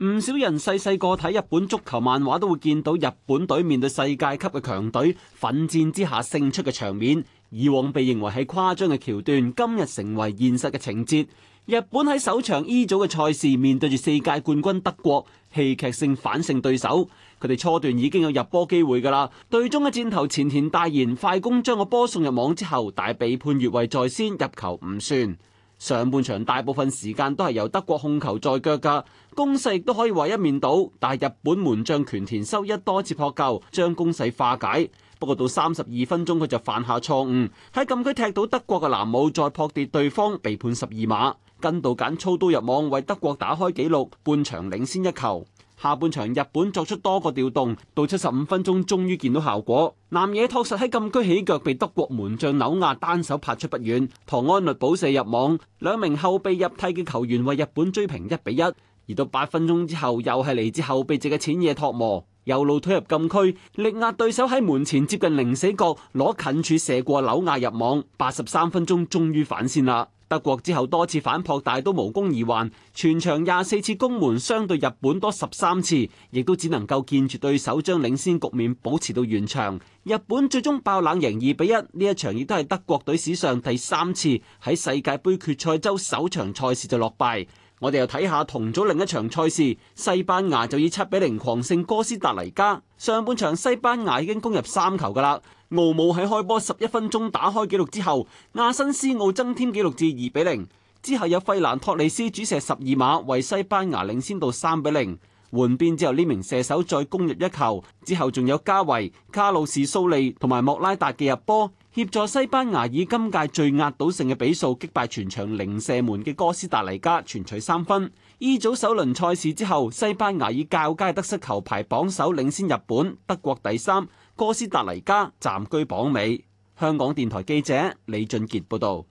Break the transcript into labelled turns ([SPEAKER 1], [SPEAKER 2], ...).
[SPEAKER 1] 唔少人細細個睇日本足球漫畫，都會見到日本隊面對世界級嘅強隊奮戰之下勝出嘅場面。以往被認為係誇張嘅橋段，今日成為現實嘅情節。日本喺首場 E 組嘅賽事面對住世界冠軍德國，戲劇性反勝對手。佢哋初段已經有入波機會噶啦，隊中嘅箭頭前田大然快攻將個波送入網之後，但係被判越位在先，入球唔算。上半場大部分時間都係由德國控球在腳，嘅攻勢亦都可以話一面倒，但係日本門將權田修一多次撲救，將攻勢化解。不過到三十二分鐘，佢就犯下錯誤，喺禁區踢到德國嘅藍帽，再撲跌對方，被判十二碼，根度簡操刀入網，為德國打開紀錄，半場領先一球。下半場日本作出多個調動，到七十五分鐘終於見到效果。南野拓實喺禁區起腳，被德國門將紐亞單手拍出不遠。唐安律補射入網，兩名後備入替嘅球員為日本追平一比一。而到八分鐘之後，又係嚟自後備席嘅淺野拓磨右路推入禁區，力壓對手喺門前接近零死角攞近柱射過紐亞入網。八十三分鐘終於反先啦。德國之後多次反撲，但都無功而還，全場廿四次攻門，相對日本多十三次，亦都只能夠見住對手將領先局面保持到完場。日本最終爆冷贏二比一，呢一場亦都係德國隊史上第三次喺世界盃決賽周首場賽事就落敗。我哋又睇下同組另一場賽事，西班牙就以七比零狂勝哥斯達黎加。上半場西班牙已經攻入三球噶啦，奧姆喺開波十一分鐘打開紀錄之後，亞新斯奧增添紀錄至二比零。之後有費蘭托里斯主射十二碼為西班牙領先到三比零。換邊之後呢名射手再攻入一球，之後仲有加維、卡路士、蘇利同埋莫拉達嘅入波。協助西班牙以今屆最壓倒性嘅比數擊敗全場零射門嘅哥斯達黎加，全取三分。E 組首輪賽事之後，西班牙以較佳得失球排榜首，領先日本、德國第三，哥斯達黎加暫居榜尾。香港電台記者李俊杰報道。